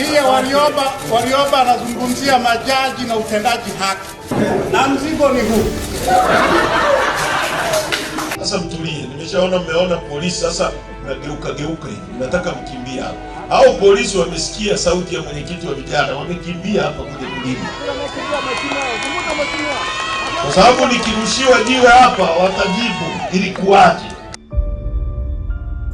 Ile Warioba, Warioba anazungumzia majaji na utendaji haki, na mzigo ni huu sasa. Mtulie, nimeshaona mmeona polisi sasa nageuka geuka hivi, nataka mkimbia hapa. Au polisi wamesikia sauti ya mwenyekiti wa vijana, wamekimbia hapa kwenye kulima, kwa sababu nikirushiwa jiwe hapa watajibu ilikuwaje.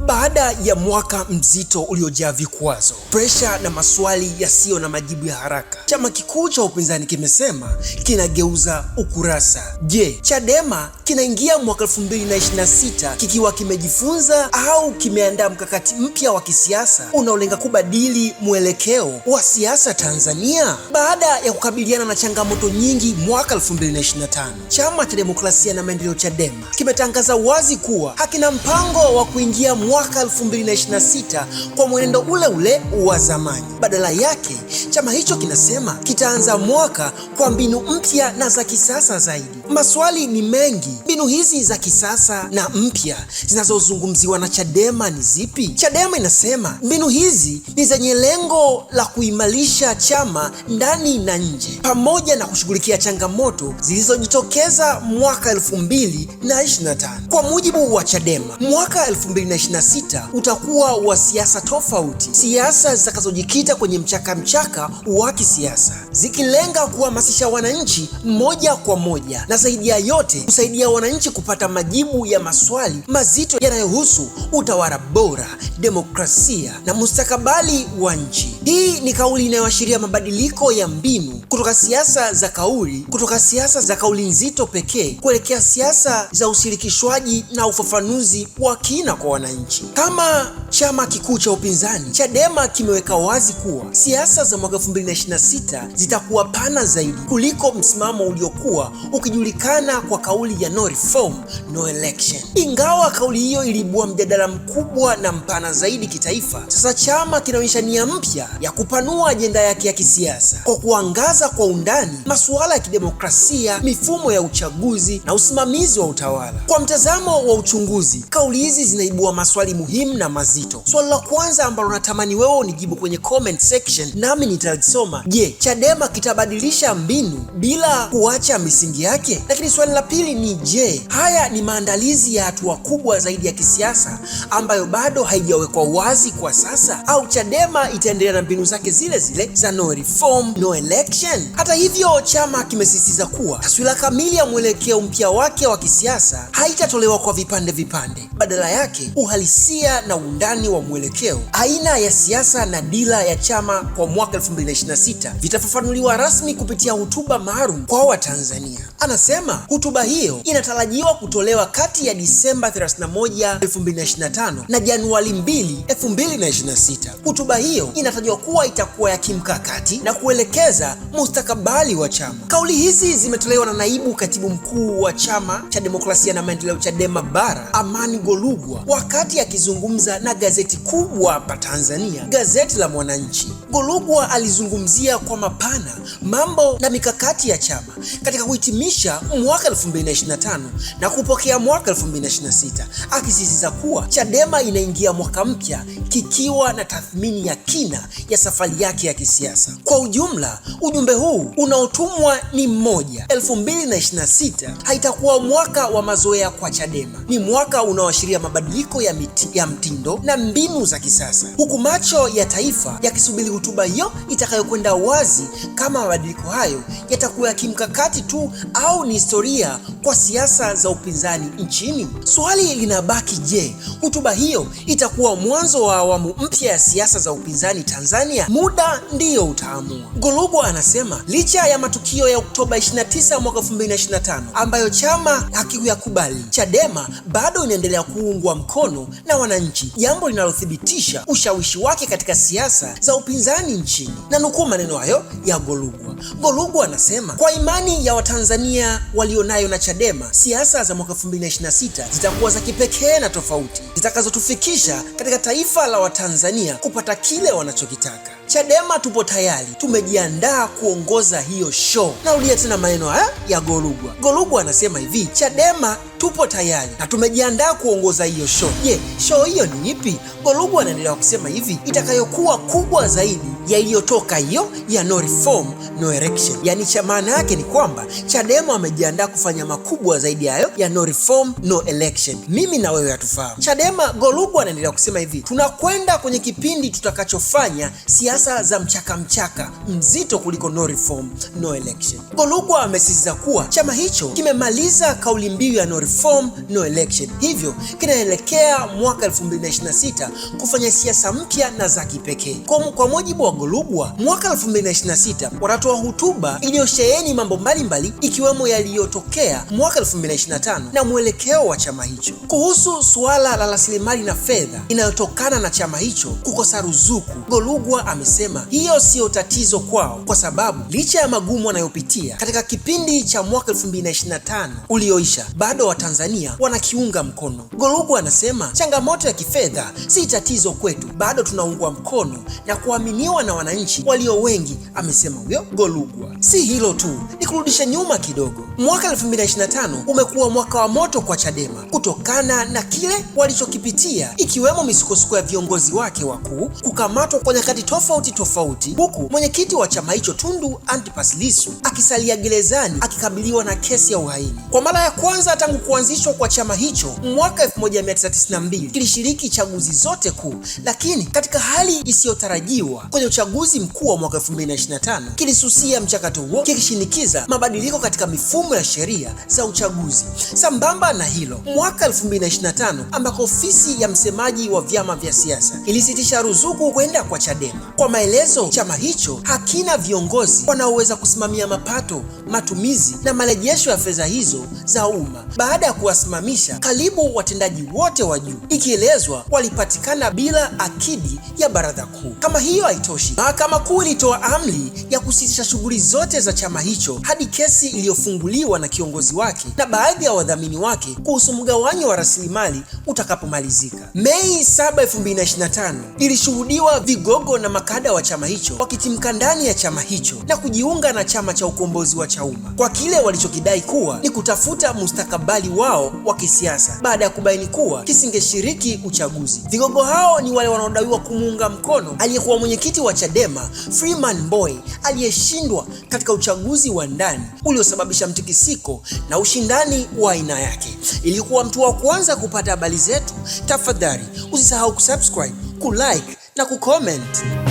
Baada ya mwaka mzito uliojaa vikwazo, presha na maswali yasiyo na majibu ya haraka, Chama kikuu cha upinzani kimesema kinageuza ukurasa. Je, Chadema kinaingia mwaka 2026 kikiwa kimejifunza au kimeandaa mkakati mpya wa kisiasa unaolenga kubadili mwelekeo wa siasa Tanzania? Baada ya kukabiliana na changamoto nyingi mwaka 2025, chama cha demokrasia na maendeleo Chadema kimetangaza wazi kuwa hakina mpango wa kuingia mwaka 2026 kwa mwenendo ule ule wa zamani. Badala yake, chama hicho kinasema kitaanza mwaka kwa mbinu mpya na za kisasa zaidi. Maswali ni mengi. Mbinu hizi za kisasa na mpya zinazozungumziwa na Chadema ni zipi? Chadema inasema mbinu hizi ni zenye lengo la kuimarisha chama ndani na nje, pamoja na kushughulikia changamoto zilizojitokeza mwaka 2025. Kwa mujibu wa Chadema, mwaka 2026 utakuwa wa siasa tofauti, siasa zitakazojikita kwenye mchakamchaka wa kisiasa, zikilenga kuhamasisha wananchi moja kwa moja na zaidi ya yote kusaidia wananchi kupata majibu ya maswali mazito yanayohusu utawala bora, demokrasia na mustakabali wa nchi. Hii ni kauli inayoashiria mabadiliko ya mbinu kutoka siasa za kauli kutoka siasa za kauli nzito pekee kuelekea siasa za ushirikishwaji na ufafanuzi wa kina kwa wananchi kama chama kikuu cha upinzani Chadema kimeweka wazi kuwa siasa za mwaka 2026 zitakuwa pana zaidi kuliko msimamo uliokuwa ukijulikana kwa kauli ya no reform, no election. Ingawa kauli hiyo iliibua mjadala mkubwa na mpana zaidi kitaifa, sasa chama kinaonyesha nia mpya ya kupanua ajenda yake ya kisiasa kwa kuangaza kwa undani masuala ya kidemokrasia, mifumo ya uchaguzi na usimamizi wa utawala. Kwa mtazamo wa uchunguzi, kauli hizi zinaibua maswali muhimu na mazito mazito. Swali la kwanza ambalo natamani wewe unijibu kwenye comment section, nami nitasoma, Je, Chadema kitabadilisha mbinu bila kuacha misingi yake? Lakini swali la pili ni je, haya ni maandalizi ya hatua kubwa zaidi ya kisiasa ambayo bado haijawekwa wazi kwa sasa, au Chadema itaendelea na mbinu zake zile zile za no reform, no election? Hata hivyo, chama kimesisitiza kuwa taswira kamili ya mwelekeo mpya wake wa kisiasa haitatolewa kwa vipande vipande, badala yake uhalisia na undani undani wa mwelekeo, aina ya siasa na dira ya chama kwa mwaka 2026 vitafafanuliwa rasmi kupitia hotuba maalum kwa Watanzania. Anasema hotuba hiyo inatarajiwa kutolewa kati ya Disemba 31, 2025 na Januari 2, 2026. Hotuba hiyo inatajwa kuwa itakuwa ya kimkakati na kuelekeza mustakabali wa chama. Kauli hizi zimetolewa na naibu katibu mkuu wa Chama cha Demokrasia na Maendeleo, Chadema Bara, Amani Golugwa wakati akizungumza na gazeti kubwa hapa Tanzania, gazeti la Mwananchi. Golugwa alizungumzia kwa mapana mambo na mikakati ya chama katika kuhitimisha mwaka 2025 na kupokea mwaka 2026, akisisitiza kuwa Chadema inaingia mwaka mpya kikiwa na tathmini ya kina ya safari yake ya kisiasa. Kwa ujumla, ujumbe huu unaotumwa ni mmoja: 2026 haitakuwa mwaka wa mazoea kwa Chadema, ni mwaka unaoashiria mabadiliko ya, ya mtindo na mbinu za kisasa, huku macho ya taifa yakisubiri hotuba hiyo itakayokwenda wazi kama mabadiliko hayo yatakuwa ya kimkakati tu au ni historia kwa siasa za upinzani nchini. Swali linabaki, je, hotuba hiyo itakuwa mwanzo wa awamu mpya ya siasa za upinzani Tanzania? Muda ndiyo utaamua. Golugwa anasema licha ya matukio ya Oktoba 29 mwaka 2025 ambayo chama hakikuyakubali, Chadema bado inaendelea kuungwa mkono na wananchi, jambo linalothibitisha ushawishi wake katika siasa za upinzani upinzani nchini. Na nukuu maneno hayo ya Golugwa. Golugwa anasema kwa imani ya Watanzania walionayo na Chadema, siasa za mwaka 2026 zitakuwa za kipekee na tofauti zitakazotufikisha katika taifa la Watanzania kupata kile wanachokitaka. Chadema tupo tayari, tumejiandaa kuongoza hiyo show. Narudia tena maneno haya ya Golugwa. Golugwa anasema hivi, Chadema tupo tayari na tumejiandaa kuongoza hiyo show. Je, show hiyo ni ipi? Golugwa anaendelea kusema hivi, itakayokuwa kubwa zaidi ya iliyotoka hiyo ya no reform no election. Yaani cha maana yake ni kwamba Chadema wamejiandaa kufanya makubwa zaidi hayo ya no reform no election. Mimi na wewe hatufahamu. Chadema, Golugwa anaendelea kusema hivi, tunakwenda kwenye kipindi tutakachofanya si siasa za mchaka mchaka mzito kuliko no reform, no election. Golugwa amesisitiza kuwa chama hicho kimemaliza kauli mbiu ya no reform, no election, hivyo kinaelekea mwaka 2026 kufanya siasa mpya na za kipekee. Kwa mujibu wa Golugwa, mwaka 2026 watatoa hotuba iliyosheheni mambo mbalimbali ikiwemo yaliyotokea mwaka 2025 na mwelekeo wa chama hicho. Kuhusu suala la rasilimali na fedha inayotokana na chama hicho kukosa ruzuku, Golugwa ame amesema hiyo siyo tatizo kwao, kwa sababu licha ya magumu wanayopitia katika kipindi cha mwaka 2025 ulioisha, bado Watanzania wanakiunga mkono. Golugwa anasema changamoto ya kifedha si tatizo kwetu, bado tunaungwa mkono na kuaminiwa na wananchi walio wengi, amesema huyo Golugwa. Si hilo tu, ni kurudisha nyuma kidogo. Mwaka 2025 umekuwa mwaka wa moto kwa Chadema kutokana na kile walichokipitia, ikiwemo misukosuko ya viongozi wake wakuu kukamatwa kwa nyakati tofauti tofauti tofauti, huku mwenyekiti wa chama hicho Tundu Antipas Lissu akisalia gerezani akikabiliwa na kesi ya uhaini. Kwa mara ya kwanza tangu kuanzishwa kwa chama hicho mwaka 1992 kilishiriki chaguzi zote kuu, lakini katika hali isiyotarajiwa kwenye uchaguzi mkuu wa mwaka 2025 kilisusia mchakato huo kikishinikiza mabadiliko katika mifumo ya sheria za uchaguzi. Sambamba na hilo, mwaka 2025 ambako ofisi ya msemaji wa vyama vya siasa ilisitisha ruzuku kwenda kwa Chadema kwa maelezo, chama hicho hakina viongozi wanaoweza kusimamia mapato matumizi na marejesho ya fedha hizo za umma baada ya kuwasimamisha karibu watendaji wote wa juu, ikielezwa walipatikana bila akidi ya baraza kuu. Kama hiyo haitoshi, mahakama kuu ilitoa amri ya kusitisha shughuli zote za chama hicho hadi kesi iliyofunguliwa na kiongozi wake na baadhi ya wadhamini wake kuhusu mgawanyo wa rasilimali utakapomalizika. Mei 7, 2025 ilishuhudiwa vigogo na makada wa chama hicho wakitimka ndani ya chama hicho na kujiunga na chama cha ukombozi wa cha umma kwa kile walichokidai kuwa ni kutafuta mustakabali wao wa kisiasa baada ya kubaini kuwa kisingeshiriki uchaguzi. Vigogo hao ni wale wanaodaiwa kumuunga mkono aliyekuwa mwenyekiti wa Chadema Freeman Mbowe aliyeshindwa katika uchaguzi wa ndani uliosababisha mtikisiko na ushindani wa aina yake. Ilikuwa mtu wa kwanza kupata habari zetu, tafadhali usisahau kusubscribe, kulike na kucomment.